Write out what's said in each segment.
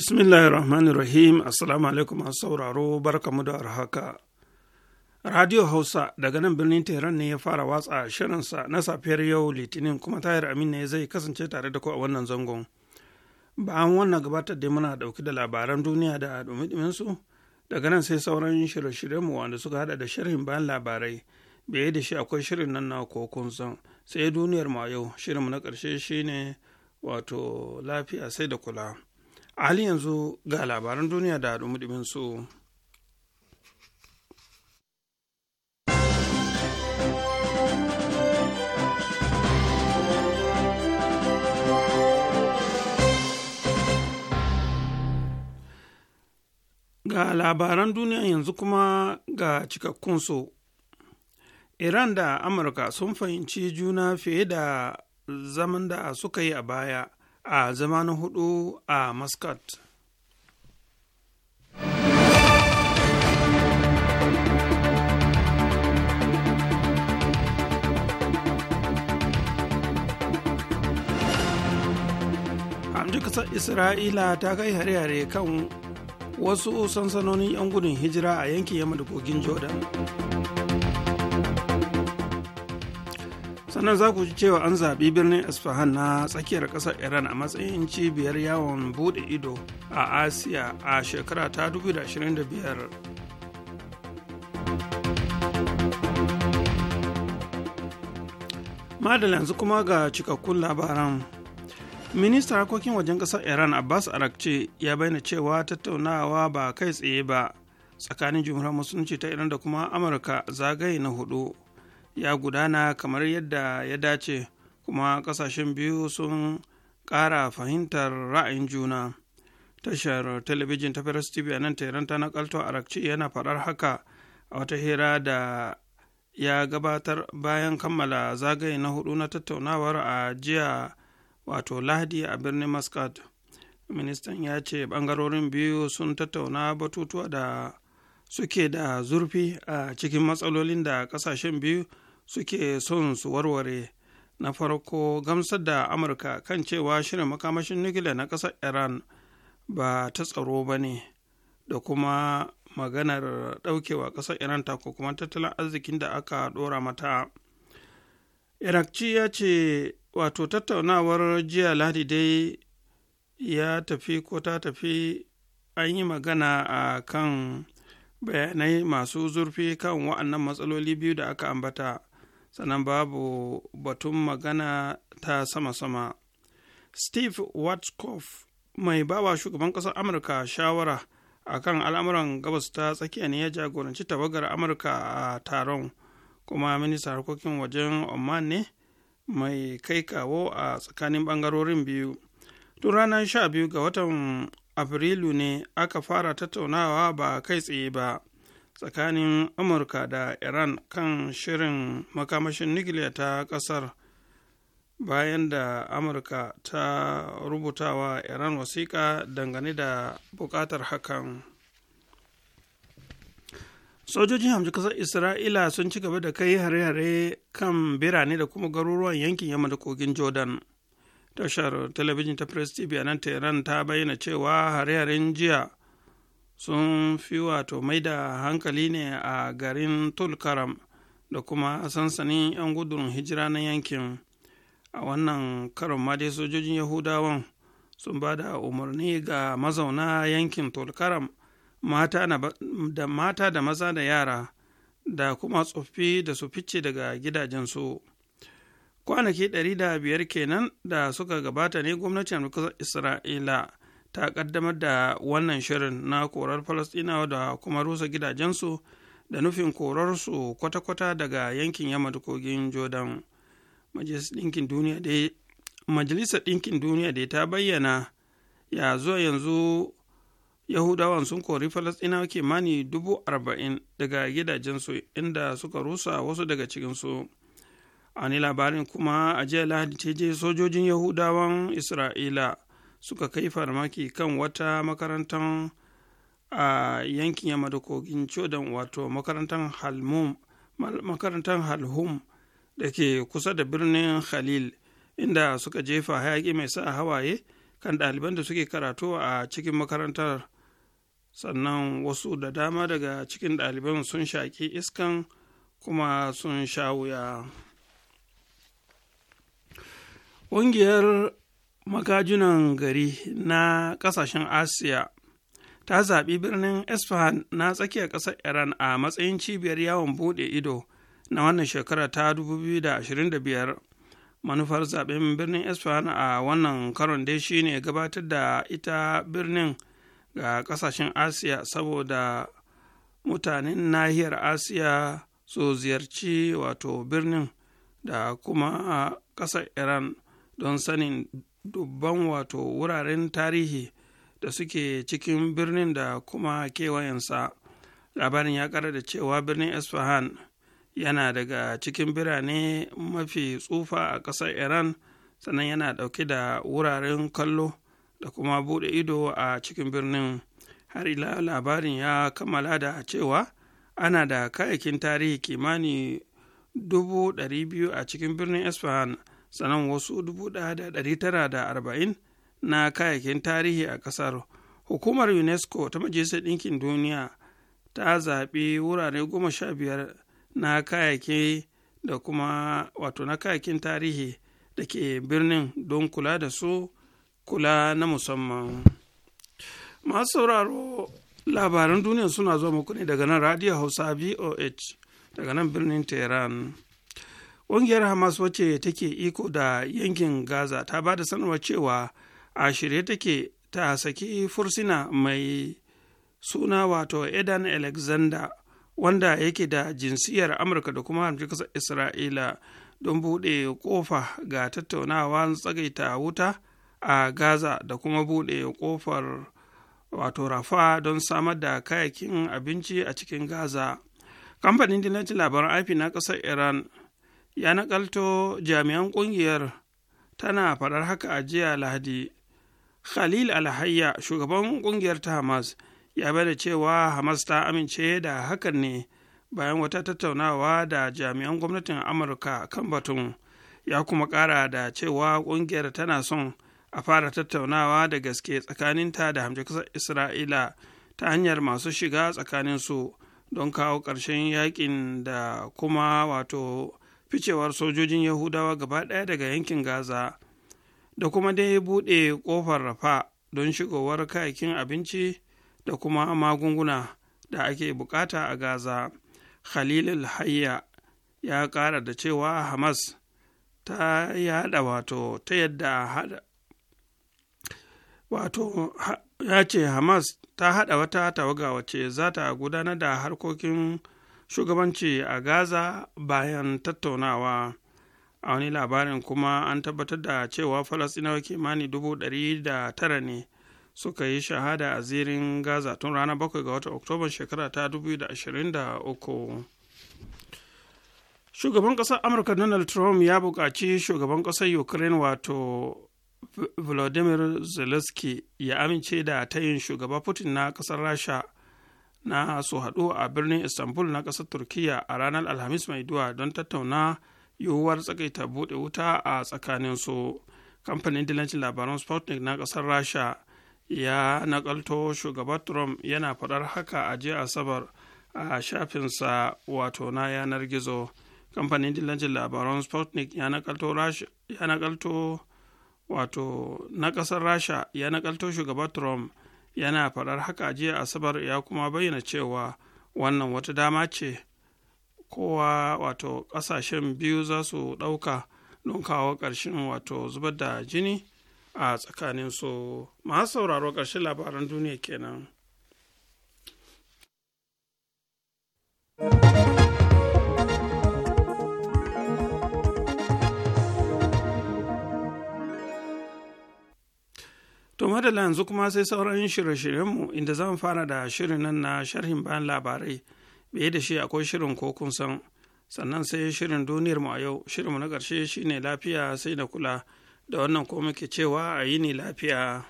Bismillahirrahmanirrahim. Assalamu alaikum masu sauraro barkamu da arhaka. Radio Hausa daga nan birnin Tehran ne ya fara watsa shirinsa na safiyar yau Litinin kuma Tahir Amin ne zai kasance tare da ku a wannan zangon. Bayan wannan gabatar da muna dauki da labaran duniya da dumi su daga nan sai sauran shirye-shiryen mu wanda suka hada da sharhin bayan labarai. bai da shi akwai shirin nan na kokon san sai duniyar ma yau shirinmu na karshe shine wato lafiya sai da kula. Ali yanzu ga labaran duniya da dumudumin su ga labaran duniya yanzu kuma ga cikakkunsu iran da amurka sun fahimci juna fiye da zaman da suka yi a baya a zama na hudu a muscat Hamji kasar isra'ila ta kai hare-hare kan wasu sansanonin 'yan gudun hijira a yankin yamma da kogin jordan sannan za ku ji cewa an zaɓi birnin isfahan na tsakiyar ƙasar iran a matsayin cibiyar yawon buɗe ido a asiya a shekara ta 2025 madal yanzu kuma ga cikakkun labaran ministan harkokin wajen ƙasar iran abbas arakce ya bayyana cewa tattaunawa ba kai tsaye ba tsakanin jumhuriyar musulunci ta iran da kuma amurka zagaye na hudu ya gudana kamar yadda ya dace kuma kasashen biyu sun kara fahimtar ra'ayin juna tashar talabijin ta Paris TV a nan Tehran nakalto Arakci yana faɗar haka a wata hira da ya gabatar bayan kammala zagaye na hudu na tattaunawar a jiya wato Lahadi a birnin Muscat. Ministan ya ce ɓangarorin biyu sun tattauna batutuwa da suke da zurfi a cikin matsalolin da ƙasashen biyu suke son su warware na farko gamsar da amurka kan cewa shirin makamashin nukiliya na ƙasar iran ba ta tsaro ba ne da kuma maganar ɗaukewa ƙasar iran ta kuma tattalin arzikin da aka ɗora mata irakci ya ce wato tattaunawar jiya ladi dai ya tafi ko ta tafi an yi magana a kan bayanai masu zurfi kan wa'annan matsaloli biyu da aka ambata sannan babu batun magana ta sama-sama steve watkoff mai bawa shugaban ƙasar amurka shawara a kan al'amuran gabas ta tsakiya ne ya jagoranci tawagar amurka a taron kuma minista harkokin wajen oman ne mai kai kawo a tsakanin bangarorin biyu tun ranar sha biyu ga watan afrilu ne aka fara tattaunawa ba kai tsaye ba tsakanin amurka da iran kan shirin makamashin nukiliya ta ƙasar bayan da amurka ta rubuta wa iran wasiƙa dangane da buƙatar hakan sojojin hamji kasar isra'ila sun ci gaba da kai hare-hare kan birane da kuma garuruwan yankin yamma da kogin jordan tashar talabijin ta press tv a nan tehran ta bayyana cewa hare-haren jiya sun fi wato mai da hankali ne a garin tulkaram da kuma sansanin 'yan gudun hijira na yankin a wannan karon ma dai sojojin yahudawan sun ba da umarni ga mazauna yankin tulkaram mata da maza da yara da kuma tsoffi da su fice daga gidajensu kwanaki 500 kenan da suka gabata ne gwamnatin amurka isra'ila ta kaddamar da wannan shirin na korar falastinawa da kuma rusa gidajensu da nufin korarsu kwata-kwata daga yankin yamma da kogin jordan majalisar ɗinkin duniya da ta bayyana ya zuwa yanzu yahudawan sun kori falastinawa kimani dubu arba'in daga gidajensu inda suka rusa wasu daga cikinsu a ni labarin kuma a jiya lahadi ce sojojin yahudawan isra'ila suka kai farmaki kan wata makarantar a yankin yamma da kogin wato makarantar halhum da ke kusa da birnin khalil inda suka jefa hayaki mai sa hawaye kan ɗaliban da suke karatu a cikin makarantar sannan wasu da dama daga cikin ɗaliban sun shaƙi iskan kuma sun sha wuya ƙungiyar magajunan gari na ƙasashen asiya ta zaɓi birnin isfahan na tsakiyar ƙasar iran a matsayin cibiyar yawon buɗe ido na wannan shekara ta 2025 manufar zaɓen birnin isfahan a wannan karon dai shine gabatar da ita birnin ga ƙasashen asiya saboda mutanen nahiyar asiya su ziyarci wato birnin da kuma ƙasar iran don sanin dubban wato wuraren tarihi da suke cikin birnin da kuma kewayensa labarin ya kara da cewa birnin isfahan yana daga cikin birane mafi tsufa a ƙasar iran sannan yana ɗauke da wuraren kallo da kuma buɗe ido a cikin birnin har ila labarin ya kammala da cewa ana da kayakin tarihi kimani dubu ɗari biyu a cikin birnin isfahan sannan wasu 1940 na kayayyakin tarihi a ƙasar hukumar unesco ta majalisar ɗinkin duniya ta zaɓi wurare goma sha biyar na kayayyaki da kuma wato na kayakin tarihi da ke birnin don kula da su kula na musamman masu sauraro labaran duniya suna zuwa muku ne daga nan radio hausa voh daga nan birnin tehran ƙungiyar hamas wacce take iko da yankin gaza ta ba da sanarwa cewa a shirye take ta saki fursuna mai suna wato edan alexander wanda yake da jinsiyar amurka da kuma amurka isra'ila don buɗe ƙofa ga tattaunawa tsagaita wuta a gaza da kuma buɗe ƙofar wato rafa don samar da kayakin abinci a cikin gaza kamfanin dillancin labaran ip na ƙasar iran ya nakalto jami'an ƙungiyar tana faɗar haka a jiya lahadi khalil alhayya shugaban ƙungiyar ta hamas ya bada cewa hamas ta amince da hakan ne bayan wata tattaunawa da jami'an gwamnatin amurka kan batun ya kuma ƙara da cewa ƙungiyar tana son a fara tattaunawa da gaske tsakaninta da hamjakasar isra'ila ta hanyar masu shiga tsakanin su don kawo ƙarshen yakin da kuma wato ficewar sojojin yahudawa gaba ɗaya daga yankin gaza da kuma dai buɗe ƙofar rafa don shigowar kayakin abinci da kuma magunguna da ake bukata a gaza khalil hayya ya ƙara da cewa hamas ta yada wato ta yadda hada wato ya ce hamas ta hada wata tawaga wace za ta gudanar da harkokin shugabanci a gaza bayan tattaunawa a wani labarin kuma an tabbatar da cewa falasinawa kimani dubu ɗari da tara ne suka yi shahada a zirin gaza tun ranar 7 ga watan oktoba shekara ta 2023 shugaban ƙasar amurka donald trump ya buƙaci shugaban ƙasar ukraine wato vladimir zelensky ya amince da tayin shugaba putin na ƙasar rasha na su haɗu a birnin istanbul na ƙasar turkiya a ranar alhamis mai duwa don tattauna yiwuwar tsakaita buɗe wuta a tsakanin su kamfanin dillancin labaran sputnik na ƙasar rasha ya nakalto shugaban trump yana faɗar haka a jiya asabar a shafinsa wato na yanar gizo kamfanin dillancin labaran sputnik ya nakalto wato na ƙasar rasha ya nakalto shugaban trump yana faɗar haka jiya asabar ya kuma bayyana cewa wannan wata dama ce kowa wato ƙasashen biyu za su ɗauka don kawo ƙarshen wato zubar da jini a tsakanin su masu sauraro ƙarshen labaran duniya kenan. To madalla yanzu kuma sai sauran shirye-shiryenmu inda zan fara da shirin nan na sharhin bayan labarai. Biye da shi akwai shirin ko kun san sannan sai shirin duniyar mu a yau shirinmu na ƙarshe shine lafiya sai da kula da wannan ko muke cewa a yi ni lafiya.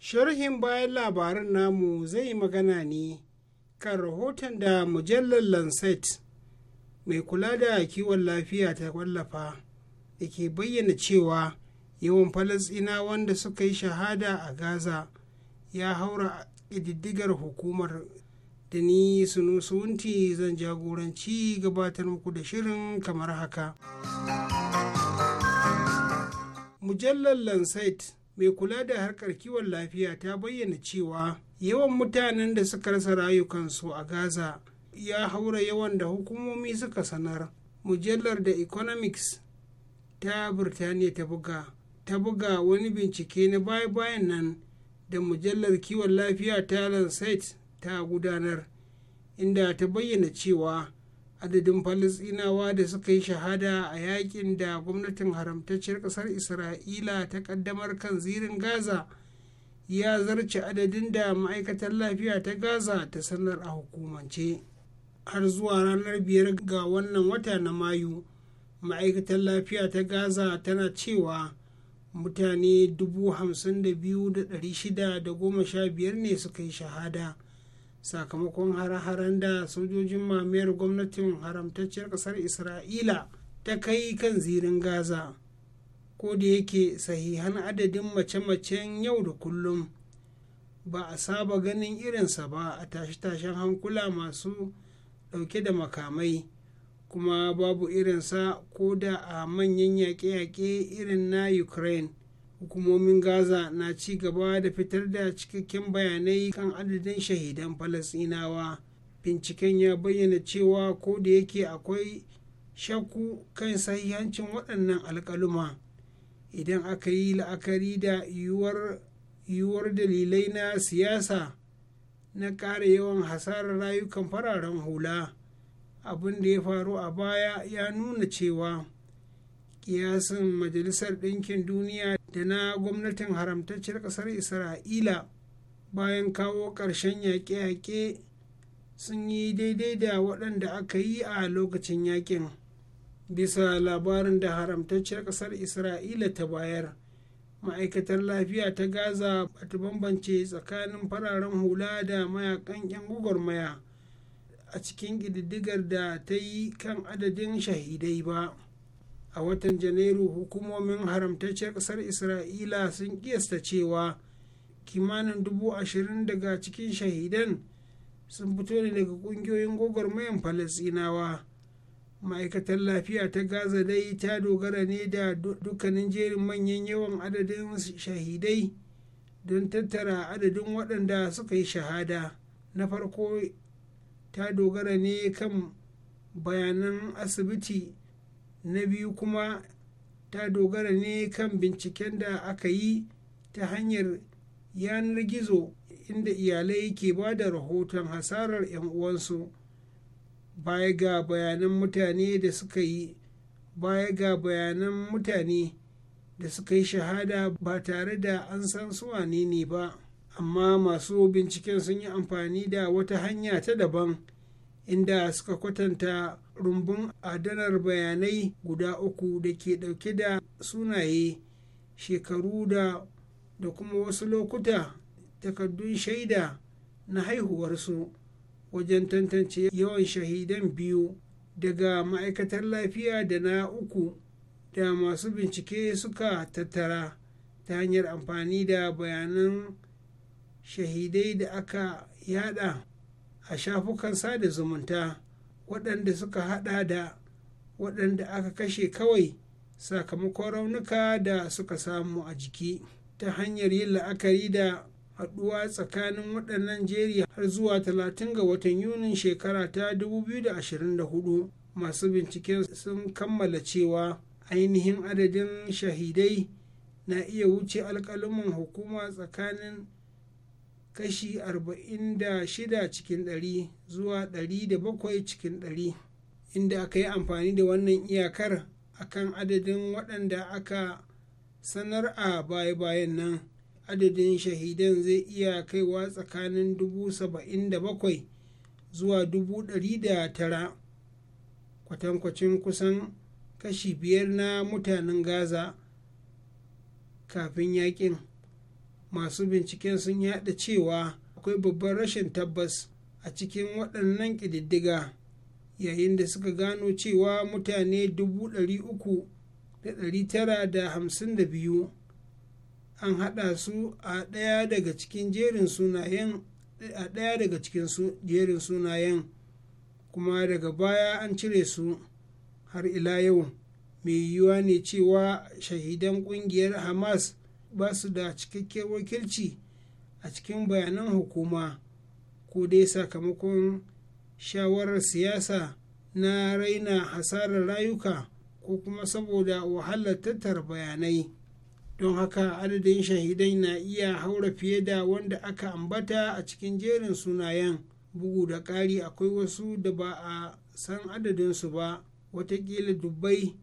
Sharhin bayan labarin namu zai magana ne kan rahoton da mujallar Lancet mai kula da kiwon lafiya ta wallafa da ke bayyana cewa yawan Falasina wanda suka yi shahada a gaza ya haura ƙididdigar hukumar da ni sunusunti zan jagoranci gabatar muku da shirin kamar haka mujallar lancet mai kula da harkar kiwon lafiya ta bayyana cewa yawan mutanen da suka rasa rayukansu a gaza ya haura yawan da hukumomi suka sanar mujallar da economics ta birtaniya ta buga ta buga wani bincike na baya-bayan nan da mujallar kiwon lafiya ta lancet ta gudanar inda ta bayyana cewa adadin falisinawa da suka yi shahada a yakin da gwamnatin haramtaccen kasar isra'ila ta kaddamar kan zirin gaza ya zarce adadin da ma'aikatar lafiya ta gaza ta sanar a hukumance. har zuwa ranar biyar ga wannan wata na mayu ma'aikatar lafiya ta gaza tana cewa mutane 52,615 ne suka yi shahada sakamakon har haren da sojojin mamayar gwamnatin haramtacciyar ƙasar isra'ila ta kai kan zirin gaza ko da yake sahihan adadin mace-macen yau da kullum ba a saba ganin irinsa ba a tashe-tashen hankula masu ɗauke da makamai kuma babu irinsa ko da a manyan yaƙe-yaƙe irin na ukraine hukumomin gaza na ci gaba da fitar da cikakken bayanai kan adadin shahidan falasinawa binciken ya bayyana cewa ko da yake akwai shakku kan sahihancin waɗannan alƙaluma idan aka yi la'akari da yiwuwar dalilai na siyasa na ƙara yawan hasarar rayukan fararen hula abin da ya faru a baya ya nuna cewa kiyasin majalisar ɗinkin duniya da na gwamnatin haramtacciyar ƙasar isra'ila bayan kawo ƙarshen yaƙe-yaƙe sun yi daidai da waɗanda aka yi a lokacin yaƙin bisa labarin da haramtacciyar ƙasar isra'ila ta bayar ma'aikatar lafiya ta gaza ba ta bambance tsakanin fararen hula da mayakan 'yan gwagwarmaya a cikin ƙididdigar da ta yi kan adadin shahidai ba a watan janairu hukumomin haramtacciyar ƙasar isra'ila sun ƙiyasta cewa kimanin dubu ashirin daga cikin shahidan sun fito ne daga ƙungiyoyin gwagwarmayan falasinawa ma'aikatar lafiya ta gaza dai ta dogara ne da dukkanin jerin manyan yawan adadin shahidai don tattara adadin waɗanda suka yi shahada na farko ta dogara ne kan bayanan asibiti na biyu kuma ta dogara ne kan binciken da aka yi ta hanyar yanar gizo inda iyalai ke ba da rahoton hasarar 'yan uwansu. baya ga bayanan mutane da suka yi baya ga bayanan mutane da suka yi shahada ba tare da an san su wane ne ba amma masu binciken sun yi amfani da wata hanya ta daban inda suka kwatanta rumbun adanar bayanai guda uku da ke dauke da sunaye shekaru da da kuma wasu lokuta takardun shaida na haihuwarsu wajen tantance yawan shahidan biyu daga ma'aikatar lafiya da na uku da masu bincike suka tattara ta hanyar amfani da bayanan shahidai da aka yada a shafukan sada zumunta waɗanda suka haɗa da waɗanda aka kashe kawai sakamakon raunuka da suka samu a jiki ta hanyar yin la'akari da haɗuwa tsakanin waɗannan jeri har zuwa 30 ga watan yunin shekara ta 2024 masu binciken sun kammala cewa ainihin adadin shahidai na iya wuce alƙalumin hukuma tsakanin kashi 46 cikin 100 zuwa 107 cikin 100 inda aka yi amfani da wannan iyakar akan adadin waɗanda aka sanar a baya-bayan nan adadin shahidan zai iya kaiwa tsakanin dubu saba'in da bakwai zuwa dubu ɗari da tara kwatankwacin kusan kashi biyar na mutanen gaza kafin yakin masu binciken sun yada cewa akwai babban rashin tabbas a cikin waɗannan ƙididdiga yayin da suka gano cewa mutane dubu ɗari uku da ɗari tara da hamsin da biyu an haɗa su a ɗaya daga cikin jerin sunayen a ɗaya daga cikin jerin sunayen kuma daga baya an cire su har ila yau mai yiwuwa ne cewa shahidan ƙungiyar hamas ba su da cikakken wakilci a cikin bayanan hukuma ko dai sakamakon shawarar siyasa na raina hasarar rayuka ko kuma saboda wahalar tattara bayanai don haka adadin shahidai na iya haura fiye da wanda aka ambata a cikin jerin sunayen bugu da ƙari akwai wasu da ba a san adadinsu ba watakila dubbai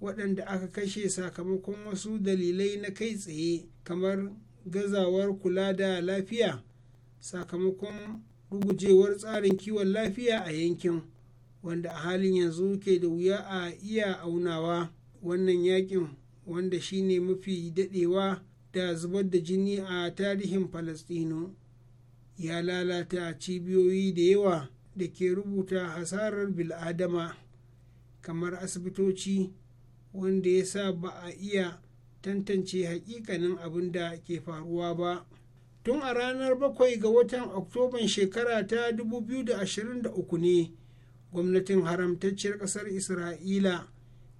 waɗanda aka kashe sakamakon wasu dalilai na kai tsaye kamar gazawar kula da lafiya sakamakon rugujewar tsarin kiwon lafiya a yankin wanda a halin yanzu ke da wuya a iya aunawa wannan yakin wanda shi ne mafi dadewa da zubar da jini a tarihin falastino ya lalata cibiyoyi da yawa da ke rubuta hasarar bil'adama kamar asibitoci wanda ya sa ba a iya tantance hakikanin abin da ke faruwa ba tun a ranar bakwai ga watan oktoban shekara ta 2023 ne gwamnatin haramtacciyar kasar isra'ila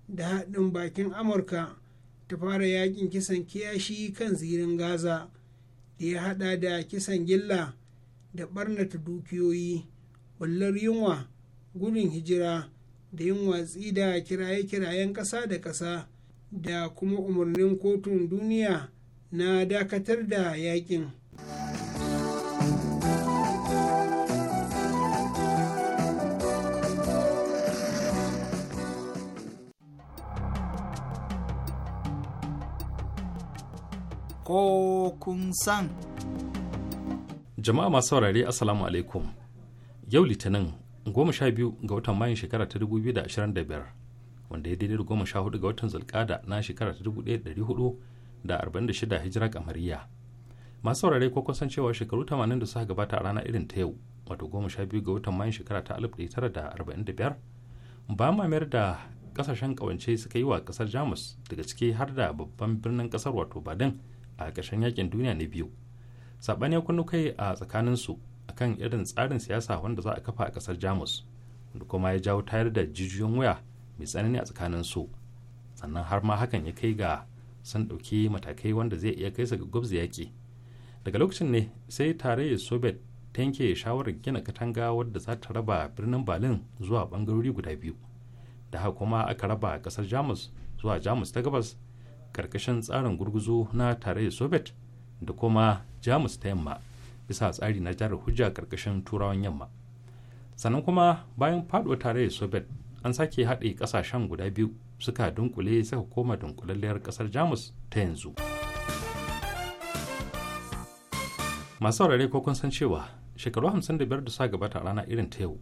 da haɗin bakin amurka ta fara yakin kisan kiyashi kan zirin gaza da ya hada da kisan gilla da barnata dukiyoyi ɓullar yunwa gudun hijira da yin watsi da kiraye-kirayen ƙasa da ƙasa da kuma umarnin kotun duniya na dakatar da yakin. ko kun san. Jama'a masu saurare Assalamu alaikum. Yau Litinin goma sha biyu ga watan Mayun shekara ta dubu biyu da ashirin da biyar wanda ya daidai da goma sha hudu ga watan Zulkada na shekara ta dubu ɗaya da dari hudu da arba'in da shida hijira kamariya. Masu saurare ko kusan cewa shekaru tamanin da suka gabata a rana irin ta yau wato goma sha biyu ga watan Mayun shekara ta alif ɗaya tara da arba'in da biyar ba ma mayar da kasashen kawance suka yi wa kasar jamus daga ciki har da babban birnin kasar wato badin a ƙarshen yakin duniya na biyu saɓani ya kai a tsakaninsu akan irin tsarin siyasa wanda za a kafa a ƙasar jamus wanda kuma ya jawo tayar da jijiyoyin waya mai tsanani a tsakanin su sannan har ma hakan ya kai ga san ɗauki matakai wanda zai iya kai su ga gwabza yaƙi daga lokacin ne sai tarayyar soviet ta yanke shawarar gina katanga wadda za ta raba birnin berlin zuwa bangarori guda biyu da haka kuma aka raba ƙasar jamus zuwa jamus ta gabas karkashin tsarin gurguzu na tarayyar soviet da kuma jamus ta yamma bisa tsari na jarar hujja karkashin turawan yamma sannan kuma bayan faɗo tarayyar soviet an sake haɗe ƙasashen guda biyu suka dunkule suka koma dunkulalliyar ƙasar jamus ta yanzu masu saurare ko kun san cewa shekaru 55 da sa gabata rana irin ta yau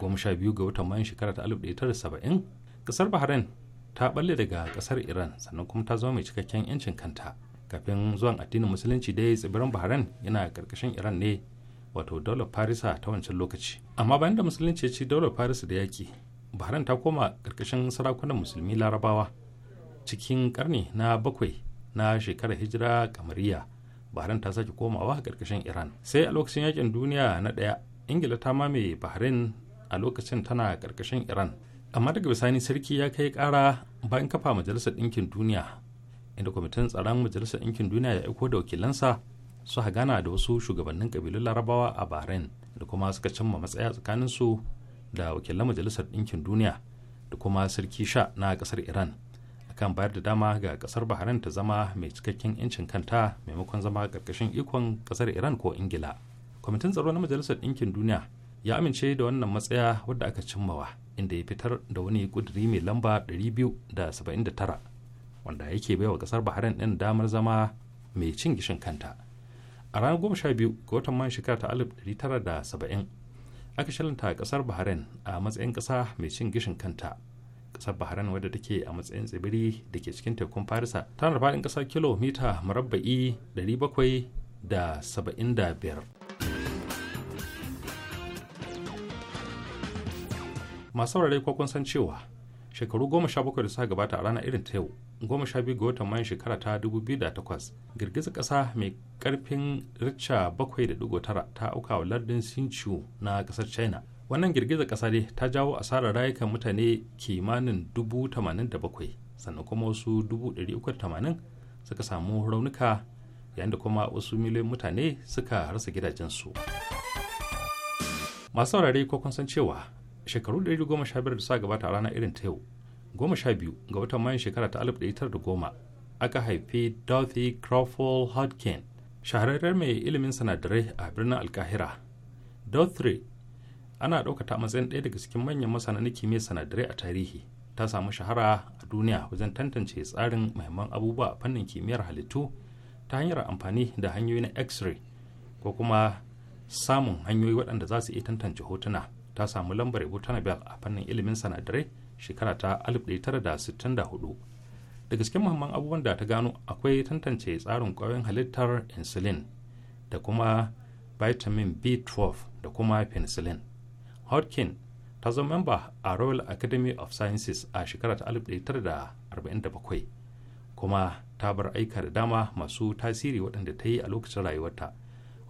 12 ga watan mayan shekara ta 1970 ƙasar bahrain ta balle daga kasar iran sannan kuma ta zama mai cikakken yancin kanta kafin zuwan addinin musulunci dai tsibirin bahrain yana karkashin iran ne wato daular farisa ta wancan lokaci amma bayan da musulunci ya ci daular farisa da yaki bahrain ta koma karkashin sarakunan musulmi larabawa cikin karni na bakwai na shekarar hijira kamariya bahrain ta sake komawa karkashin iran sai a lokacin yakin duniya na daya ingila ta mame bahrain a lokacin tana karkashin iran amma daga bisani sarki ya kai kara bayan kafa majalisar ɗinkin duniya inda kwamitin tsaron majalisar ɗinkin duniya ya aiko da wakilansa su hagana da wasu shugabannin kabilun larabawa a bahrain da kuma suka cimma matsaya tsakanin su da wakilan majalisar ɗinkin duniya da kuma sarki sha na ƙasar iran akan bayar da dama ga ƙasar bahrain ta zama mai cikakken 'yancin kanta maimakon zama ƙarƙashin ikon ƙasar iran ko ingila kwamitin tsaro na majalisar ɗinkin duniya ya amince da wannan matsaya wadda aka cimmawa inda ya fitar da wani kuduri mai lamba 279 wanda yake baiwa kasar bahrain din damar zama mai cin gishin kanta a ranar 12 ga watan man shekara ta 1970 aka shalanta ƙasar bahrain a matsayin kasa mai cin gishin kanta ƙasar bahrain wadda take a matsayin tsibiri da ke cikin tekun farisa tana da faɗin ƙasar kilomita murabba'i 775 masu saurare ko kun san cewa shekaru goma sha bakwai da suka gabata a ranar irin ta yau goma sha biyu ga watan mayan shekara ta dubu biyu da takwas, girgizar ƙasa mai ƙarfin richa tara ta auka wa lardin sinchu na ƙasar china wannan girgizar ƙasa ne ta jawo asarar rayukan mutane kimanin dubu tamanin da bakwai sannan kuma wasu dubu ɗari tamanin suka samu raunuka yayin da kuma wasu miliyan mutane suka rasa gidajensu masu saurare ko kun san cewa shekaru biyar da sa gabata a ranar irin ta yau goma sha biyu ga watan mayun shekara ta alif da tara goma aka haifi Dorothy Crawford Hodgkin shahararren mai ilimin sanadarai a birnin Alkahira. Dorothy ana ɗaukata a matsayin ɗaya daga cikin manyan masana na kimiyyar sanadarai a tarihi ta samu shahara a duniya wajen tantance tsarin mahimman abubuwa a fannin kimiyyar halittu ta hanyar amfani da hanyoyi na x-ray ko kuma samun hanyoyi waɗanda za su iya tantance hotuna. ta samu lambar yabo ta nobel a fannin ilimin sanadarai shekara ta 1964 daga cikin muhimman abubuwan da ta gano akwai tantance tsarin kwayoyin halittar insulin da kuma vitamin b12 da kuma penicillin hodkin ta zama memba a royal academy of sciences a shekara ta 1947 kuma ta bar aika da dama masu tasiri waɗanda ta yi a lokacin rayuwarta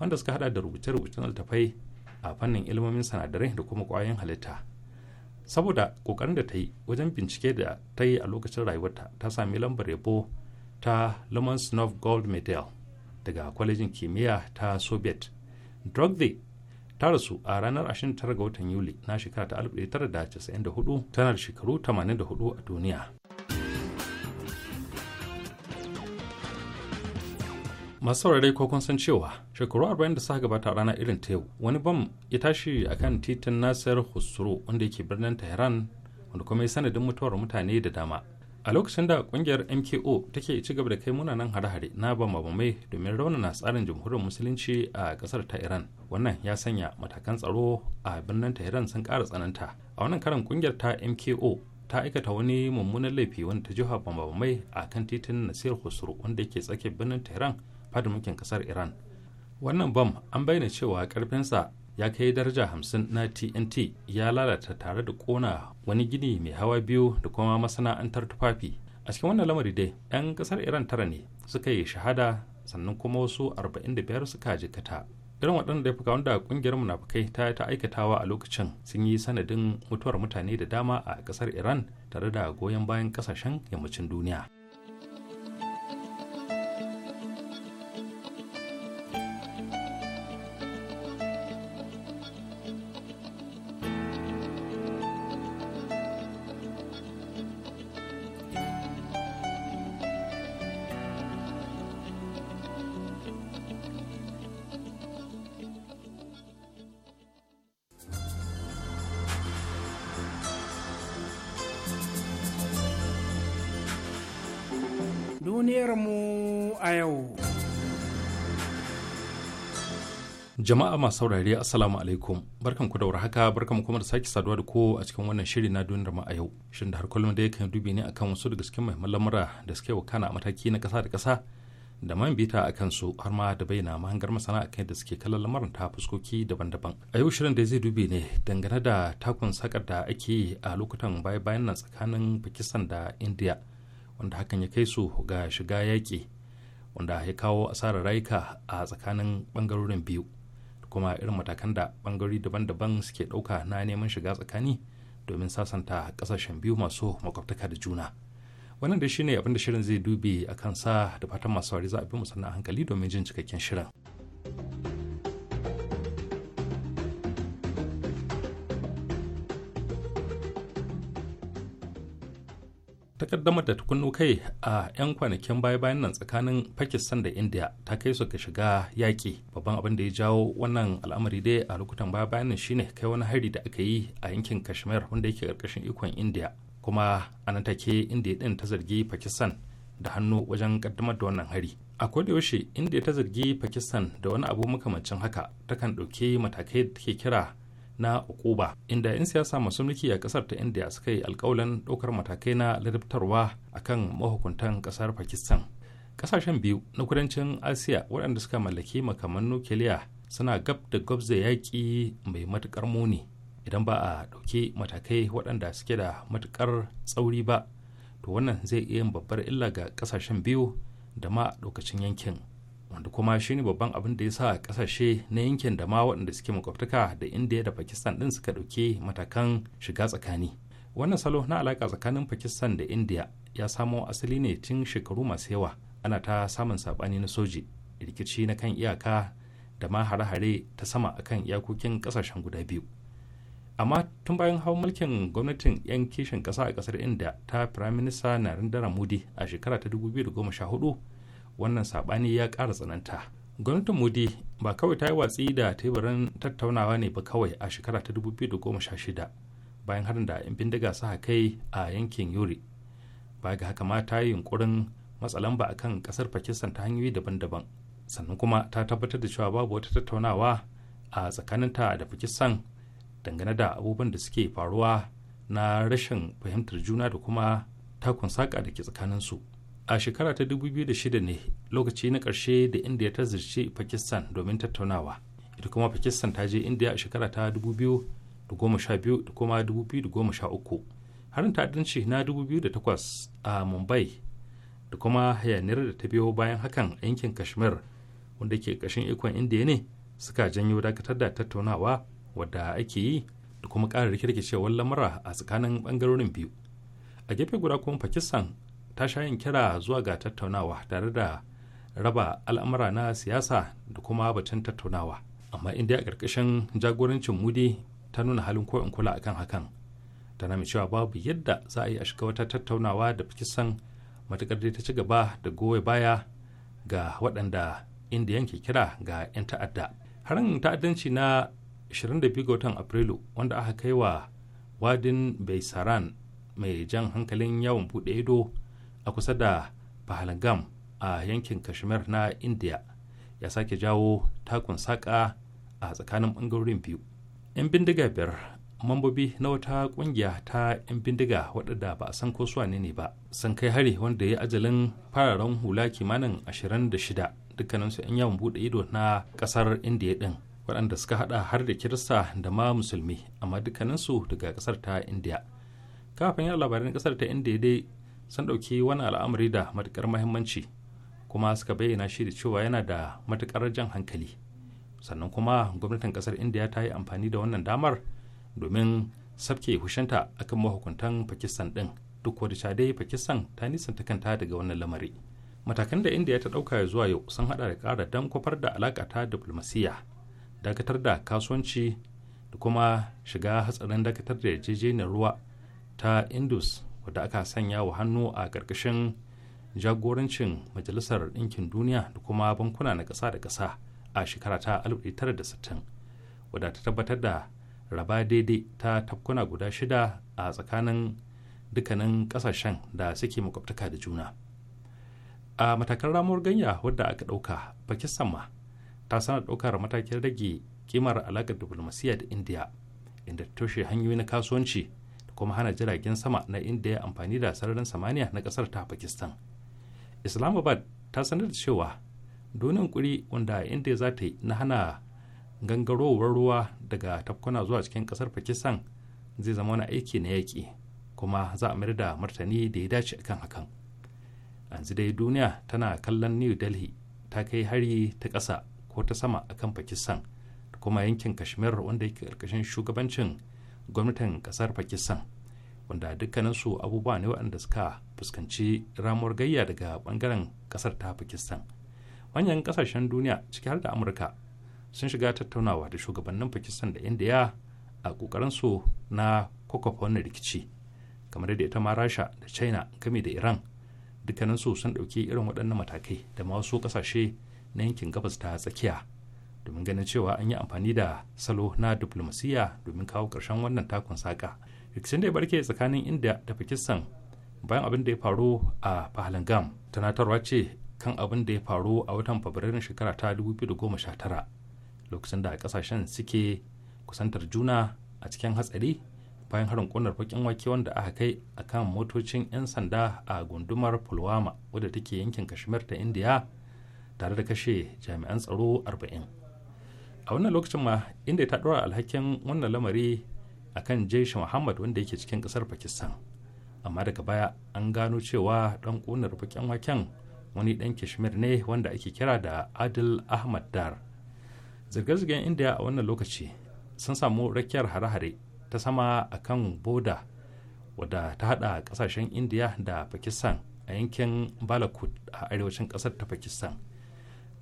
wanda suka hada da rubuce-rubucen altafai. a fannin ilmomin sanadarai da kuma kwayoyin halitta saboda kokarin da ta yi wajen bincike da ta yi a lokacin rayuwarta ta sami lambar yabo ta lemon snuff gold medal daga kwalejin kimiyya ta soviet day ta rasu a ranar 29 ga watan yuli na shekara ta 1994 tana da shekaru 84 a duniya masu saurari ko kun san cewa shekaru arba'in da suka gabata rana irin ta yau wani bam ya tashi kan titin nasir husro wanda yake birnin tehran wanda kuma ya sanadin mutuwar mutane da dama a lokacin da kungiyar mko take ci gaba da kai munanan hare-hare na bambamai domin raunana tsarin jamhuriyar musulunci a kasar ta iran wannan ya sanya matakan tsaro a birnin tehran sun kara tsananta a wannan karan kungiyar ta mko ta aikata wani mummunan laifi wanda ta jiha bambamai a kan titin nasir husuru wanda yake tsakiyar birnin tehran fadimukin kasar iran wannan bom an bayyana cewa karfinsa ya kai daraja 50 na tnt ya lalata tare da kona wani gini mai hawa biyu da kuma masana'antar tufafi a cikin wannan lamari dai 'yan kasar iran tara ne suka yi shahada sannan kuma wasu 45 suka jikata irin waɗanda fuka wanda ƙungiyar munafukai ta ta aikatawa a lokacin sun yi sanadin mutuwar mutane da dama a ƙasar iran tare da goyon bayan ƙasashen yammacin duniya mu a yau. Jama'a masu saurari Assalamu alaikum. Barkan ku da warhaka, barkan kuma da sake saduwa da ko a cikin wannan shiri na duniyar mu a yau. Shin da har kullum da yakan dubi ne akan wasu daga cikin muhimman lamura da suke wakana a mataki na kasa da kasa da man bita a kansu har ma da bayyana mahangar masana akan da suke kallon lamarin ta fuskoki daban-daban. A yau shirin da zai dubi ne dangane da takun sakar da ake yi a lokutan baya-bayan nan tsakanin Pakistan da India. wanda hakan ya kai su ga shiga yaƙi wanda ya kawo asarar rayuka a tsakanin ɓangarorin biyu kuma irin matakan da ɓangarori daban-daban suke ɗauka na neman shiga tsakani domin sasanta ƙasashen biyu masu makwabtaka da juna wannan da shine abin da shirin zai dube a sa da fatan masu za a bi musanna hankali domin jin cikakken shirin. takaddamar da tukunnu kai a 'yan kwanakin baya-bayan nan tsakanin pakistan da india ta kai su ga shiga yaƙi babban abin da ya jawo wannan al'amari dai a lokutan baya-bayan nan shine kai wani hari da aka yi a yankin kashmir wanda yake ƙarƙashin ikon india kuma a nan take india din ta zargi pakistan da hannu wajen kaddamar da wannan hari a yaushe india ta zargi pakistan da wani abu makamancin haka takan ɗauki matakai da take kira na ukuba inda 'yan siyasa masu mulki a kasar ta india suka yi alkawalin ɗaukar matakai na ladabtarwa a kan mahukuntan kasar pakistan ƙasashen biyu na kudancin asiya waɗanda suka mallaki makaman nukiliya suna gab da gwabza yaƙi mai matuƙar muni idan ba a ɗauki matakai waɗanda suke da matuƙar tsauri ba to wannan zai iya yin babbar illa ga ƙasashen biyu da ma lokacin yankin wanda kuma shi ne babban abin da ya sa kasashe na yankin da ma waɗanda suke makwabtaka da indiya da pakistan ɗin suka ɗauki matakan shiga tsakani wannan salo na alaƙa tsakanin pakistan da indiya ya samo asali ne tun shekaru masu yawa ana ta samun saɓani na soji rikici na kan iyaka da ma hare-hare ta sama akan iyakokin ƙasashen guda biyu amma tun bayan hawan mulkin gwamnatin 'yan kishin ƙasa a ƙasar inda ta firaminista narendra modi a shekara ta 2014 wannan sabani ya kara tsananta gwamnatin modi ba kawai ta yi watsi da teburin tattaunawa ne ba kawai a shekara ta 2016 bayan harin da 'yan bindiga sa kai a yankin yuri ba ga haka ma ta yi yunkurin matsa lamba a kan kasar pakistan ta hanyoyi daban-daban sannan kuma ta tabbatar da cewa babu wata tattaunawa a tsakaninta da pakistan dangane da abubuwan da suke faruwa na rashin fahimtar juna da kuma takun saƙa da ke tsakaninsu. su a shekara ta 2006 ne lokaci na ƙarshe da india ta zirce pakistan domin tattaunawa ita kuma pakistan ta je india a shekara ta 2012 da kuma 2013 harin ta'addanci na 2008 a mumbai da kuma hayaniyar da ta biyo bayan hakan a yankin kashmir wanda ke ƙashin ikon india ne suka janyo dakatar da tattaunawa wadda ake yi da kuma ƙara rikirkicewar lamura a tsakanin bangarorin biyu a gefe guda kuma pakistan ta sha yin kira zuwa ga tattaunawa tare da raba al'amura na siyasa da kuma batun tattaunawa amma inda a ƙarƙashin jagorancin mudi ta nuna halin ko kula akan hakan tana mai cewa babu yadda za a yi a shiga wata tattaunawa da pakistan matuƙar dai ta ci gaba da goyi baya ga waɗanda inda ke kira ga 'yan ta'adda harin ta'addanci na 22 ga watan afrilu wanda aka kai wa wadin baisaran mai jan hankalin yawon buɗe ido a kusa da pahalgam a yankin kashmir na india ya sake jawo takun saƙa a tsakanin ɓangarorin biyu 'yan bindiga biyar mambobi na wata kungiya ta 'yan bindiga waɗanda ba a san ko suwa ne ba sun kai hari wanda ya yi ajalin fararen hula kimanin 26 dukkaninsu 'yan yawon buɗe ido na ƙasar indiya ɗin waɗanda suka haɗa har da kirista da ma musulmi amma dukkaninsu daga ƙasar ta indiya kafin yin labarin ƙasar ta indiya dai sun ɗauki wani al'amari da matuƙar mahimmanci kuma suka bayyana shi da cewa yana da matuƙar jan hankali sannan kuma gwamnatin ƙasar indiya ta yi amfani da wannan damar domin sabke hushinta akan mahukuntan pakistan ɗin duk wadda ta dai pakistan ta nisanta kanta daga wannan lamari matakan da indiya ta ɗauka zuwa yau sun haɗa da ƙara dan kwafar da alaƙa ta diflomasiyya dakatar da kasuwanci da kuma shiga hatsarin dakatar da yarjejeniyar ruwa ta indus wadda aka sanya wa hannu a ƙarƙashin jagorancin majalisar ɗinkin duniya da kuma bankuna na ƙasa da ƙasa a shekara ta 1960 wadda ta tabbatar da raba daidai ta tafkuna guda shida a tsakanin dukkanin ƙasashen da suke makwabtaka da juna a matakan ramuwar ganya wadda aka ɗauka pakistan ma ta sanar ɗaukar matakin rage kimar alaƙar diflomasiyya da indiya inda ta toshe hanyoyi na kasuwanci kuma hana jiragen sama na inda ya amfani da sararin samaniya na kasar ta pakistan islamabad ta sanar da cewa donin kuri wanda inda za ta yi na hana gangarowar ruwa daga tafkuna zuwa cikin kasar pakistan zai zama wani aiki na yaƙi kuma za a mayar da martani da ya dace akan hakan yanzu dai duniya tana kallon new delhi ta kai hari ta ƙasa ko ta sama akan pakistan da kuma yankin kashmir wanda yake ƙarƙashin shugabancin gwamnatin kasar pakistan wanda dukkaninsu abubuwa ne waɗanda suka fuskanci ramuwar gayya daga ɓangaren kasar ta pakistan manyan ƙasashen duniya ciki har da amurka sun shiga tattaunawa da shugabannin pakistan da indiya a ƙoƙarinsu na kwakwafa wannan rikici kamar da ita ma rasha da china game da iran dukkaninsu sun ɗauki irin waɗannan matakai da ma wasu ƙasashe na yankin gabas ta tsakiya domin ganin cewa an yi amfani da salo na diplomasiya domin kawo ƙarshen wannan takun saƙa rikicin da ya barke tsakanin india da pakistan bayan abin da ya faru a pahalgam tunatarwa ce kan abin da ya faru a watan fabrairun shekara ta 2019 lokacin da kasashen suke kusantar juna a cikin hatsari bayan harin kunar bakin wake wanda aka kai a kan motocin 'yan sanda a gundumar pulwama wadda take yankin kashmir ta indiya tare da kashe jami'an tsaro arba'in. a wannan lokacin ma inda ta ɗora alhakin wannan lamari a kan jeshi muhammad wanda yake cikin ƙasar pakistan amma daga baya an gano cewa ɗan ƙunar baƙin waken wani ɗan kashmir ne wanda ake kira da adil ahmad dar zirga-zirgar india a wannan lokaci sun samu rakiyar hare-hare ta sama a kan boda wadda ta hada kasashen india da pakistan a yankin balakut a arewacin kasar ta pakistan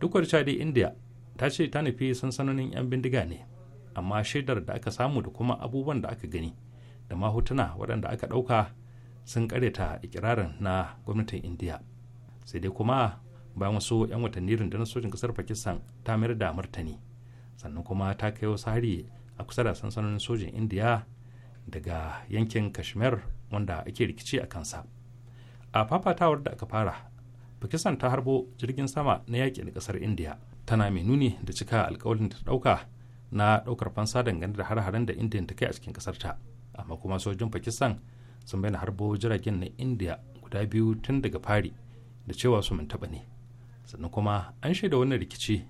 duk wadda india. ta ce ta nufi sansanonin 'yan bindiga ne amma shaidar da aka samu da kuma abubuwan da aka gani da ma hotuna waɗanda aka ɗauka sun karyata ikirarin na gwamnatin indiya sai dai kuma bayan wasu 'yan watanni rundunar sojin ƙasar pakistan ta mayar da martani sannan kuma ta kai wasu hari a kusa da sansanonin sojin indiya daga yankin kashmir wanda ake rikici a kansa a fafatawar da aka fara pakistan ta harbo jirgin sama na yaƙi da ƙasar indiya tana mai nuni da cika alkawalin ta ɗauka na ɗaukar fansa dangane da har-haren da indiya ta kai a cikin ƙasar ta amma kuma sojin pakistan sun bayyana harbo jiragen na indiya guda biyu tun daga fari da cewa su mun taba ne sannan kuma an shaida wannan rikici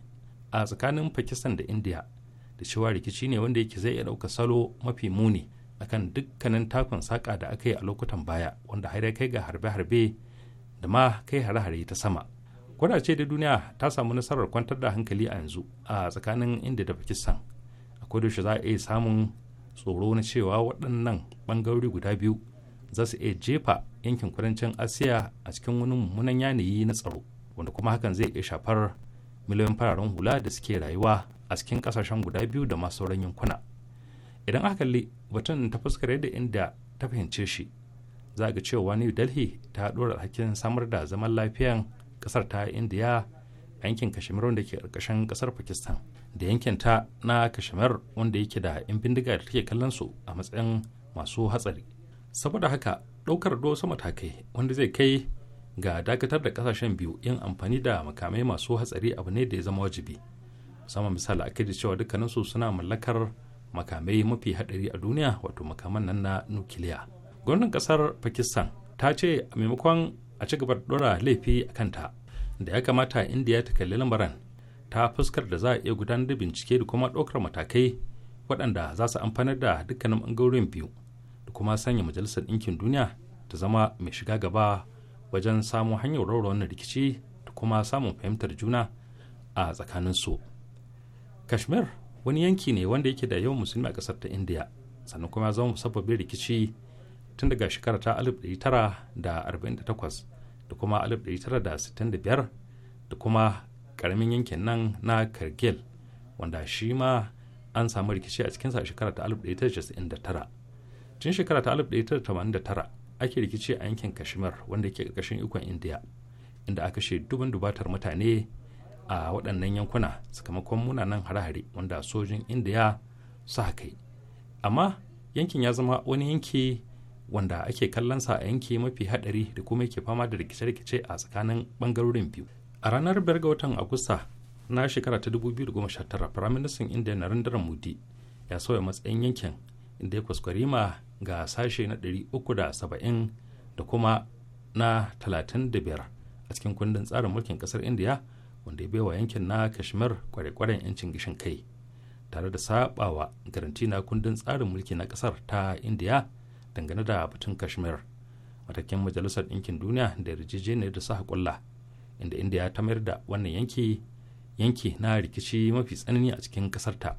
a tsakanin pakistan da indiya da cewa rikici ne wanda yake zai iya ɗauka salo mafi muni akan dukkanin takon saƙa da aka yi a lokutan baya wanda har ya kai ga harbe-harbe da ma kai hare-hare ta sama Kuna ce da duniya ta samu nasarar kwantar da hankali a yanzu a tsakanin inda da Pakistan. Akwai da za a iya samun tsoro na cewa waɗannan ɓangarori guda biyu za su iya jefa yankin kudancin Asiya a cikin wani mummunan yanayi na tsaro wanda kuma hakan zai iya shafar miliyoyin fararen hula da suke rayuwa a cikin kasashen guda biyu da masu sauran yankuna. Idan aka kalli batun ta fuskar yadda inda ta fahimce shi za ga cewa New Delhi ta ɗora alhakin samar da zaman lafiyan kasar ta indiya a yankin kashmir wanda ke ƙarƙashin kasar pakistan da yankin ta na kashmir wanda yake da 'yan bindiga da take kallon su a matsayin masu hatsari saboda haka ɗaukar dosa matakai wanda zai kai ga dakatar da kasashen biyu yin amfani da makamai masu hatsari abu ne da ya zama wajibi musamman misali a da cewa su suna mallakar makamai mafi hadari a duniya wato makaman nan na nukiliya gwamnatin kasar pakistan ta ce a maimakon a ci gaba da ɗora laifi a kanta da ya kamata indiya ta kalli lamarin ta fuskar da za a iya gudanar da bincike da kuma ɗaukar matakai waɗanda za su amfanar da dukkanin ɓangarorin biyu da kuma sanya majalisar ɗinkin duniya ta zama mai shiga gaba wajen samun hanyar raura wannan rikici da kuma samun fahimtar juna a tsakaninsu kashmir wani yanki ne wanda yake da yawan musulmi a ƙasar ta indiya sannan kuma ya zama musabbabin rikici tun daga shekara ta 1948 da kuma 1965 da kuma karamin yankin nan na kargil wanda shi ma an samu rikici a cikinsa a shekara ta 1999 tun shekara ta 1989 ake rikici a yankin kashmir wanda ke ƙarƙashin ikon indiya inda aka kashe duban dubatar mutane a waɗannan yankuna sakamakon munanan hare-hare wanda sojin indiya su kai amma yankin ya zama wani yanki wanda ake kallonsa a yanki mafi hadari da kuma yake fama da rikice-rikice a tsakanin bangarorin biyu a ranar biyar ga watan agusta na shekara ta 2019 firaministan indiya narendra modi ya sauya matsayin yankin inda ya kuskure ma ga sashe na 370 da kuma na 35 a cikin kundin tsarin mulkin kasar indiya wanda ya baiwa yankin na kashmir kware-kwaren yancin gishin kai tare da sabawa garanti na kundin tsarin mulki na kasar ta indiya dangane da batun kashmir matakin majalisar ɗinkin duniya da yarjejeniyar da suka kulla inda india ta mayar da wannan yanki yanki na rikici mafi tsanani a cikin ƙasarta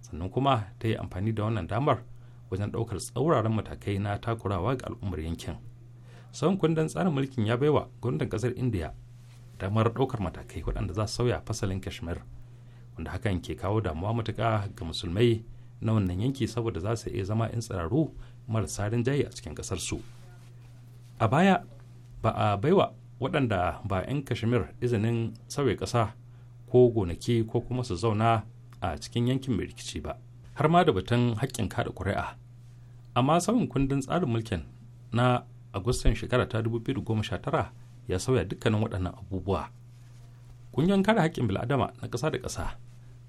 sannan kuma ta yi amfani da wannan damar wajen ɗaukar tsauraran matakai na takurawa ga al'ummar yankin sauran kundin tsarin mulkin ya baiwa gwamnatin ƙasar indiya damar ɗaukar matakai waɗanda za su sauya fasalin kashmir wanda hakan ke kawo damuwa matuka ga musulmai na wannan yanki saboda za su iya zama 'yan tsiraru marasa rinjaye a cikin ƙasarsu a baya ba a baiwa waɗanda ba 'yan kashmir izinin sauya ƙasa ko gonaki ko kuma su zauna a cikin yankin mai rikici ba har ma da batun haƙƙin kada ƙuri'a amma sauyin kundin tsarin mulkin na agustan shekara ta 2019 ya sauya dukkanin waɗannan abubuwa kungiyar kare haƙƙin bil'adama na ƙasa da ƙasa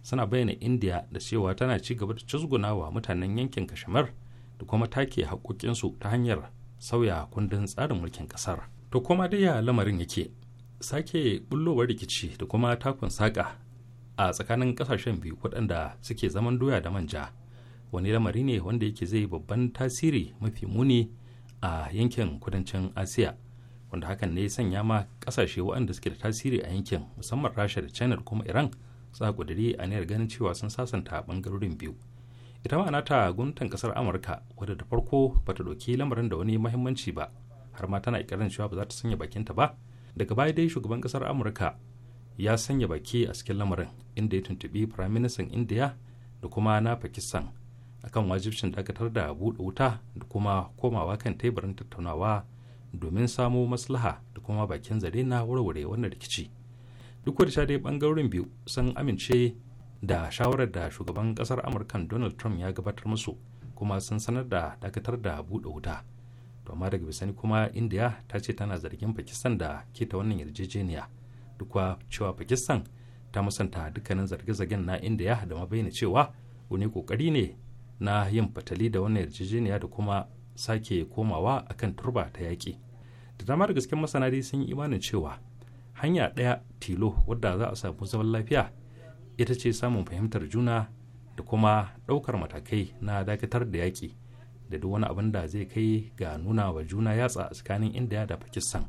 suna bayyana indiya da cewa tana ci gaba da cizgunawa mutanen yankin kashmir da kuma take haƙoƙinsu ta hanyar sauya kundin tsarin mulkin ƙasar to kuma dai ya lamarin yake sake bullowar rikici da kuma takun saƙa a tsakanin ƙasashen biyu waɗanda suke zaman doya da manja wani lamari ne wanda yake zai babban tasiri mafi muni a yankin kudancin asiya wanda hakan ne ya sanya ma ƙasashe waɗanda suke da tasiri a yankin musamman rasha da china da kuma iran za a a niyar ganin cewa sun sasanta bangarorin biyu ita ma nata gwamnatin kasar amurka wadda da farko ba ta ɗauki lamarin da wani mahimmanci ba har ma tana ikirarin cewa ba za ta sanya bakinta ba daga baya dai shugaban kasar amurka ya sanya baki a cikin lamarin inda ya tuntubi firaministan indiya da kuma na pakistan akan wajibcin dakatar da buɗe wuta da kuma komawa kan teburin tattaunawa domin samo maslaha da kuma bakin zare na warware wannan rikici duk da dai bangarorin biyu sun amince da shawarar da shugaban kasar amurkan donald trump ya gabatar musu kuma sun sanar da dakatar da buɗe wuta to amma daga bisani kuma india ta ce tana zargin pakistan da ke ta wannan yarjejeniya duk cewa pakistan ta musanta dukkanin zarge-zargen na india da ma bayyana cewa wani kokari ne na yin fatali da wannan yarjejeniya da kuma sake komawa akan turba ta yaki. da dama da gaske masana sun yi imanin cewa hanya ɗaya tilo wadda za a samu zaman lafiya ita ce samun fahimtar juna da kuma ɗaukar matakai na dakatar da yaƙi da duk wani abin da zai kai ga nuna wa juna yatsa a tsakanin indiya da pakistan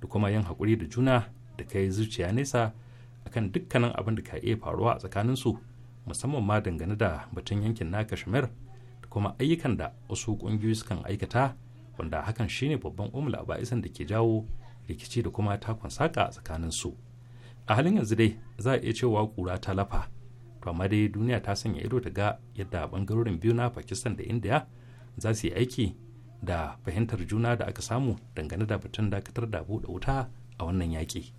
da kuma yin haƙuri da juna da kai zuciya nesa akan dukkanin abin da ka iya faruwa a tsakanin su musamman ma dangane da batun yankin na kashmir da kuma ayyukan da wasu ƙungiyoyi sukan aikata wanda hakan shine babban umla a isan da ke jawo rikici da kuma takon saƙa tsakanin su a halin yanzu dai za a iya cewa kura ta lafa to amma dai duniya ta sanya ido ta ga yadda bangarorin biyu na pakistan da india za su yi aiki da fahimtar juna da aka samu dangane da batun dakatar da buɗe wuta a wannan yaƙi.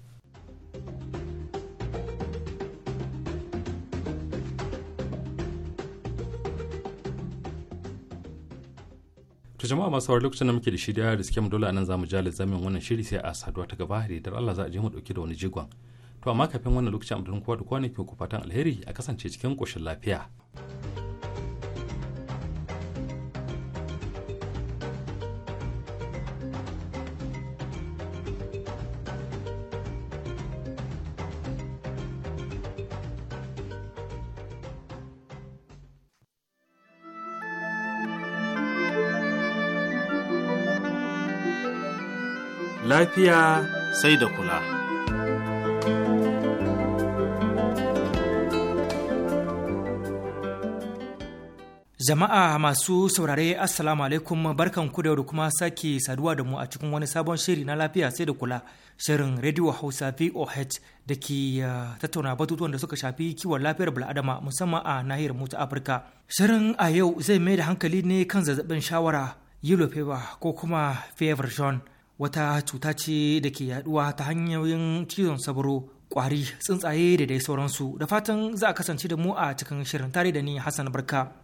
ta jama'a masu sauraron lokacin da muke da shi da riske mu dole nan zamu jale zamin wannan shiri sai a saduwa ta gaba da Allah za a je mu dauke da wani jigon to amma kafin wannan lokacin abdulun kowa da kowa ne ke ku fatan alheri a kasance cikin koshin lafiya lafiya sai da kula. Jama'a masu saurare Assalamu alaikum barkan ku da kuma sake saduwa da mu a cikin wani sabon shiri na lafiya sai da kula shirin Radio Hausa VOH da ke uh, tattauna batutuwan da suka shafi kiwon lafiyar bil'adama musamman a nahiyar mu ta Afirka. Shirin a yau zai mai da hankali ne kan zazzabin shawara yellow fever ko kuma fever zone. wata cuta ce da ke yaduwa ta hanyoyin cizon sabro kwari tsuntsaye da dai sauransu da fatan za a kasance da mu a cikin shirin tare da ni hassan barka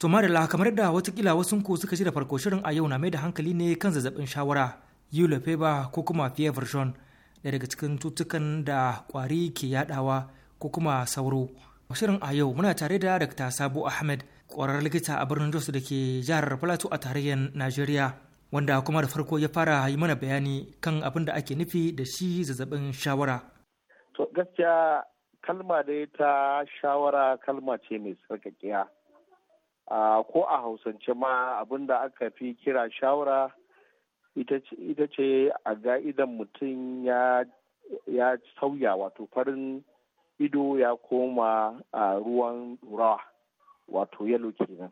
To kamar da watakila wasu ku suka ji da farko shirin a yau na mai da hankali ne kan zazzabin shawara, yule ko kuma fiye version daga cikin cutukan da kwari ke yadawa ko kuma sauro. Shirin a yau muna tare da Dr. Sabo Ahmed, ƙwararren likita a birnin Jos da ke jihar Plateau a tarayyar Najeriya, wanda kuma da farko ya fara yi mana bayani kan abin da ake nufi da shi zazzabin shawara. To gaskiya kalma dai ta shawara kalma ce mai sarkakiya. ko a hausance ma abin da aka fi kira shawara ita ce a ga mutum ya sauya wato farin ido ya koma a ruwan rawa wato yalo kenan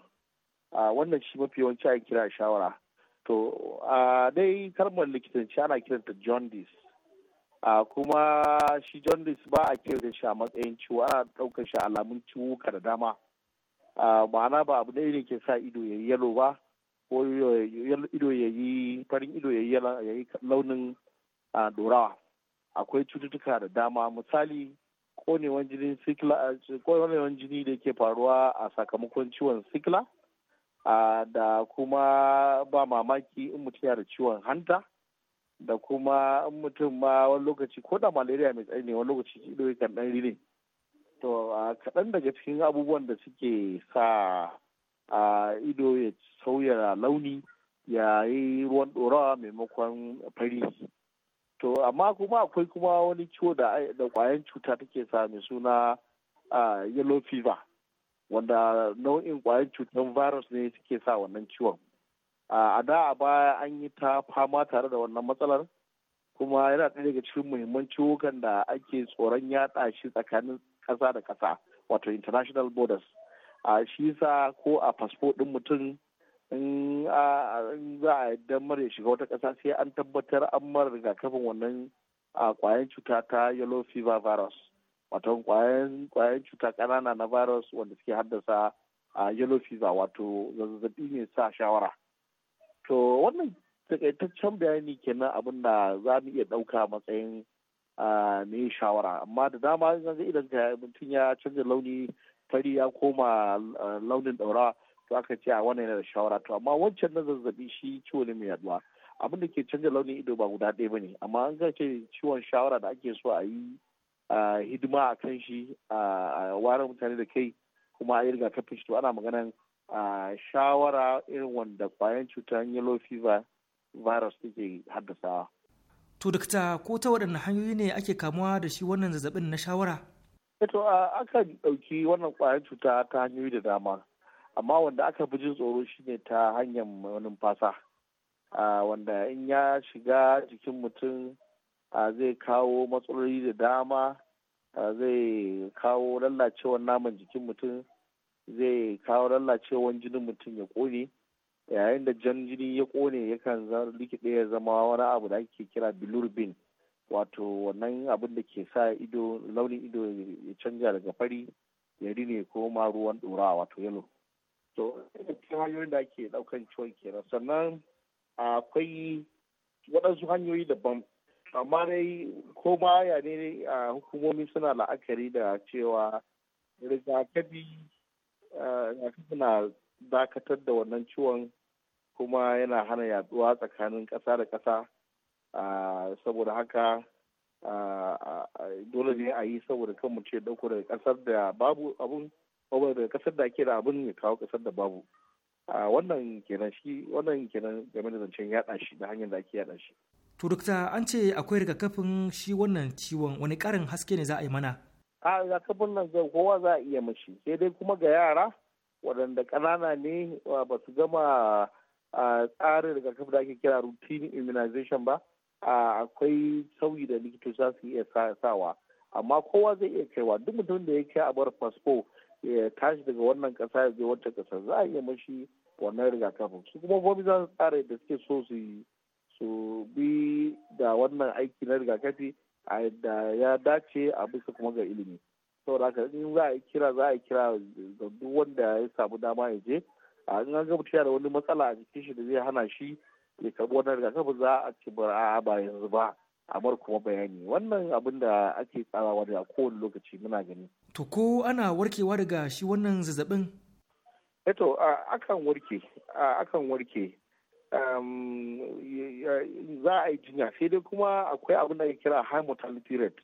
a wannan shi mafi yawanci a kira shawara to a dai kalmar likitanci ana kiranta jaundice a kuma shi jaundice ba a kiranta shi a matsayin ciwo ana ɗaukar shi alamun ka da dama ma'ana ba abu ne ke sa ido ya yi ba ko ido yayi farin ido ya yi launin dorawa akwai cututtuka da dama misali konewan jinin sikla eh, konewan jini da ke faruwa a sakamakon ciwon sikla da kuma ba mamaki in mutum yana da ciwon hanta da kuma in mutum ma wani lokaci ko da malaria mai tsayi ne wani lokaci ido kan dan rine to kaɗan daga cikin abubuwan da suke sa ido ya sauya launi ya yi ruwan ɗorawa maimakon fari to amma kuma akwai kuma wani ciwo da kwayan cuta take sa mai suna yellow fever wanda nau'in kwayan cutar virus ne take sa wannan ciwon a da a baya an yi ta fama tare da wannan matsalar kuma yana ɗaya daga cikin muhimman ciwukan da ake tsoron yaɗa shi tsakanin ƙasa da ƙasa wato international borders a shi sa ko a fasfo ɗin mutum in za a yadda mara ya shiga wata ƙasa sai an tabbatar an mara rigakafin wannan kwayan cuta ta yellow fever virus wato kwayan cuta ƙanana na virus wanda suke haddasa a yellow fever wato zazzabi ne sa shawara to wannan takaitaccen bayani kenan abin da za mu iya ɗauka matsayin ne shawara amma da dama idan mutum ya canza launi fari ya koma launin ɗaurawa to aka ce a ah, wannan yana da shawara to amma wancan na zazzabi shi ciwo ne mai yaduwa abin da ke canza launin ido ba guda ɗaya bane amma an ga ce ciwon shawara da ake so a yi hidima a kan shi a ware mutane da kai kuma a yi rigakafin shi to ana maganan shawara irin wanda kwayan cutar yellow fever virus take haddasawa. To dakta ko ta waɗanne hanyoyi ne ake kamuwa da shi wannan zazzabin na shawara? Eto eh, kan ɗauki wannan kwayan cuta ta hanyoyi da dama. amma wanda aka fi jin tsoro shine ta hanyar numfasa wanda in ya shiga jikin mutum zai kawo matsaloli da dama zai kawo lallacewar naman jikin mutum zai kawo lallacewar jinin mutum ya kone yayin da jan jini ya kone yakan likita ya zama wani abu da ake kira bilirubin wato wannan abin da ke sa ido launin ido ya canja daga fari ya rine koma ruwan ɗora wato yalo to cikin hanyoyin da ake daukan ciwon kenan sannan akwai waɗansu hanyoyi daban amma dai ko ma ya ne hukumomi suna la'akari da cewa eh, rigakafi na dakatar da wannan ciwon kuma yana hana yaduwa tsakanin ƙasa da ƙasa saboda haka dole ne a yi saboda kan mu ce dauko daga ƙasar da babu abun saboda daga kasar da ake da abin ya kawo kasar da babu a wannan kenan shi wannan kenan game da zancen yada shi da hanyar da ake yaɗa shi to dokta an ce akwai rigakafin shi wannan ciwon wani karin haske ne za a yi mana a rigakafin nan zai kowa za a iya mashi sai dai kuma ga yara wadanda kanana ne ba su gama tsarin rigakafin da ake kira routine immunization ba akwai sauyi da likitoci za su iya sawa amma kowa zai iya kaiwa duk mutum da ya kai a bar fasfo ya tashi daga wannan kasa ya je wata kasa za a iya mashi wannan rigakafin su kuma gobe za su tsara yadda suke so su yi su bi da wannan aiki na rigakafi a yadda ya dace a bisa kuma ga ilimi saboda haka in za a yi kira za a yi kira ga duk wanda ya samu dama ya je a in an gaba da wani matsala a jikin shi da zai hana shi ya karɓi wannan rigakafin za a ci ba ba yanzu ba a bar kuma bayani wannan abin da ake tsarawa da a kowane lokaci muna gani To ko ana warkewa daga shi wannan zazzabin? Eto eh akan warke, akan warke. za a yi jinya sai dai kuma akwai abin da ake kira high mortality rate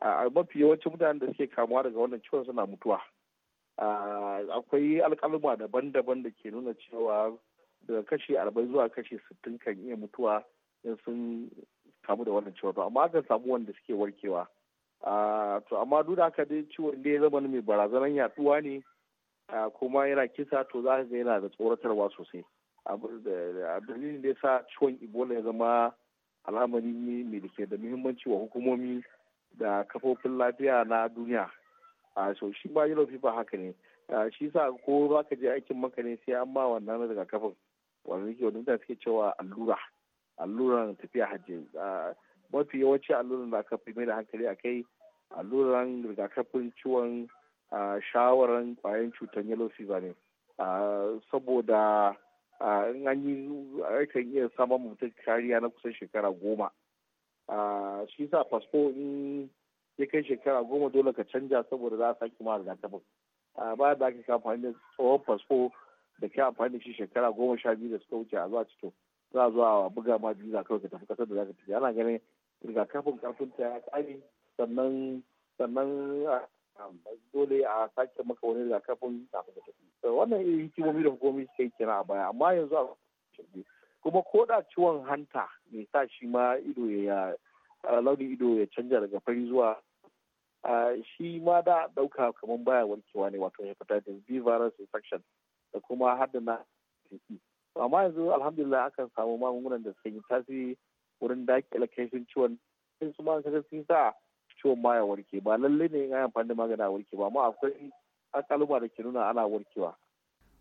a mafi yawancin mutanen da suke kamuwa daga wannan ciwon suna mutuwa akwai alkalma daban-daban da ke nuna cewa daga kashi arba'in zuwa kashi sittin kan iya mutuwa in sun kamu da wannan ciwon amma akan samu wanda suke warkewa to amma duk da haka dai ciwon da ya zama mai barazanar yaduwa ne kuma yana kisa to za ka ga yana da tsoratarwa sosai dalilin da ya sa ciwon ibola ya zama al'amari mai da ke da muhimmanci wa hukumomi da kafofin lafiya na duniya a so shi ma yellow haka ne shi sa ko za ka je aikin maka ne sai an ma wannan daga wanda yake wanda mutane suke cewa allura alluran tafiya hajji mafi yawanci alluran da aka mai da hankali a kai alluran rigakafin ciwon shawaran kwayan cutar yellow fever ne saboda in an yi aikan iya samun mutum kariya na kusan shekara goma shi sa fasfo in ya kai shekara goma dole ka canja saboda za a sake ma rigakafin ba da aka amfani da tsohon fasfo da ke amfani da shi shekara goma sha biyu da suka wuce a zuwa cito za a zuwa buga ma biyu za kawai ka tafi kasar da za ka tafi ana ganin rigakafin karfin ta ya kare sannan sannan dole a sake maka wani rigakafin kafin ka tafi wannan irin hikimomi da hukumomi suka yi kira a baya amma yanzu a kuma ko da ciwon hanta mai sa shi ma ido ya launin ido ya canja daga fari zuwa shi ma da dauka kamar baya warkewa ne wato hepatitis B virus infection da kuma haddana amma yanzu alhamdulillah akan samu magungunan da suka yi tasiri wurin dakile kaifin ciwon in su ma kaga sun sa ciwon ma ya warke ba lallai ne ga amfani da magani a warke ba amma akwai alƙaluma da ke nuna ana warkewa.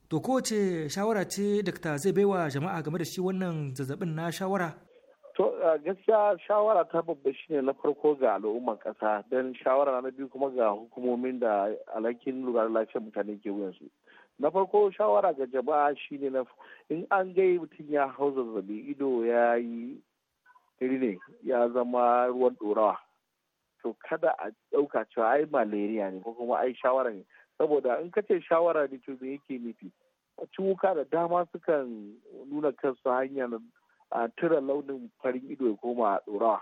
To kowace shawara ce dakta zai baiwa jama'a game da shi wannan zazzabin na shawara? To gaskiya shawara ta babba shine na farko ga al'umman ƙasa don shawara na biyu kuma ga hukumomin da alhakin lugar lafiyar mutane ke wuyansu. na farko shawara ga jama'a shine na in an gai mutum ya hau zazzabi ido ya yi ne ya zama ruwan dorawa to kada a ɗauka cewa ai maleriya ne ko kuma ai shawara ne saboda in ka ce shawara ne to me yake nufi ciwuka da dama sukan nuna kansu hanyar a tura launin farin ido ya koma dorawa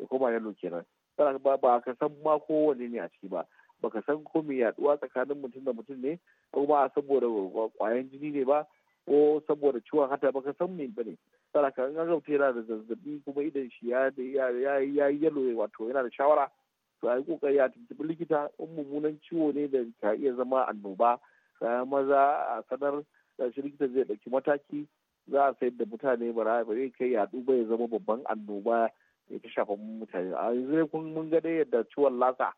ya koma yalo kenan ba ba ka san ma kowane ne a ciki ba baka san ko me yaduwa tsakanin mutum da mutum ne ko ba saboda kwayan jini ne ba ko saboda ciwon hata baka san me bane saboda kan ga gauta yana da zazzabi kuma idan shi ya yi yalo wato yana da shawara to a yi kokari a tuntubi likita in mummunan ciwo ne da ka iya zama annoba maza a sanar da shi likita zai ɗauki mataki za a sayar da mutane ba zai kai yaɗu ba ya zama babban annoba ya ta shafa mutane a yanzu kun mun ga dai yadda ciwon lasa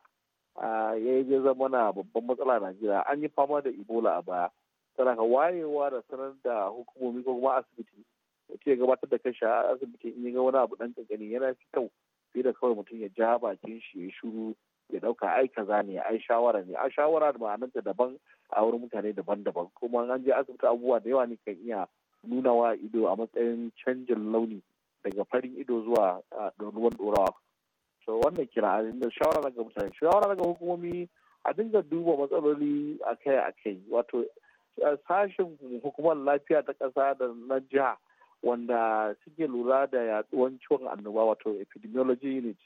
ya yi zama na babban matsala a Najeriya an yi fama da Ebola a baya Tana ka wayewa da sanar da hukumomi ko kuma asibiti mutum ya gabatar da kashi a asibiti in ya ga wani abu dan kankani yana fi kyau fiye da kawai mutum ya ja bakin shi ya shuru ya dauka ai kaza ne ai shawara ne a shawara da ma'anarta daban a wurin mutane daban-daban kuma an je asibiti abubuwa da yawa ne kan iya nuna wa ido a matsayin canjin launi daga farin ido zuwa ruwan dorawa so wannan kira da shawara daga mutane shawara daga hukumomi a dinga duba matsaloli akai-akai wato sashen hukumar lafiya ta ƙasa da na jiha wanda suke lura da yaduwan ciwon annoba wato epidemiology unit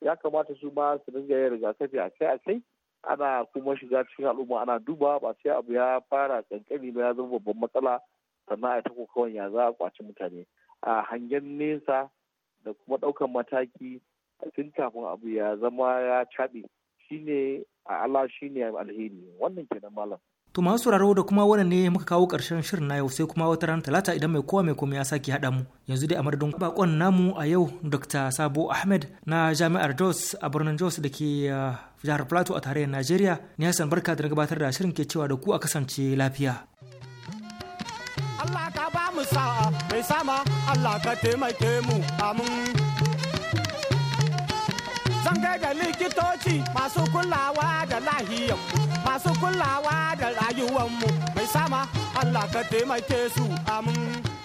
ya kamata su ma su dinga yin rigakafi a kai a kai ana kuma shiga cikin al'umma ana duba ba sai abu ya fara kankani ba ya zama babban matsala sannan a ta kawai ya za a kwaci mutane a hangen nesa da kuma ɗaukan mataki tun kafin abu ya zama ya caɓe shine a ala shine alheri wannan kenan malam To masu sauraro da kuma wannan ne muka kawo ƙarshen shirin na yau sai kuma wata ranar talata idan mai kowa mai komai ya sake haɗa mu. Yanzu dai a madadin bakon namu a yau Dr. Sabo Ahmed na Jami'ar Jos a birnin Jos da ke eh, jihar Plateau a tarayyar Najeriya. Ni Hassan Barka da gabatar da shirin ke cewa da ku a kasance lafiya. Allah ka ba mu sa'a mai sama Allah ka taimake mu amin. daga da likitoci masu kulawa da lahiyar masu kulawa da rayuwar mu mai sama Allah ka taimake su amin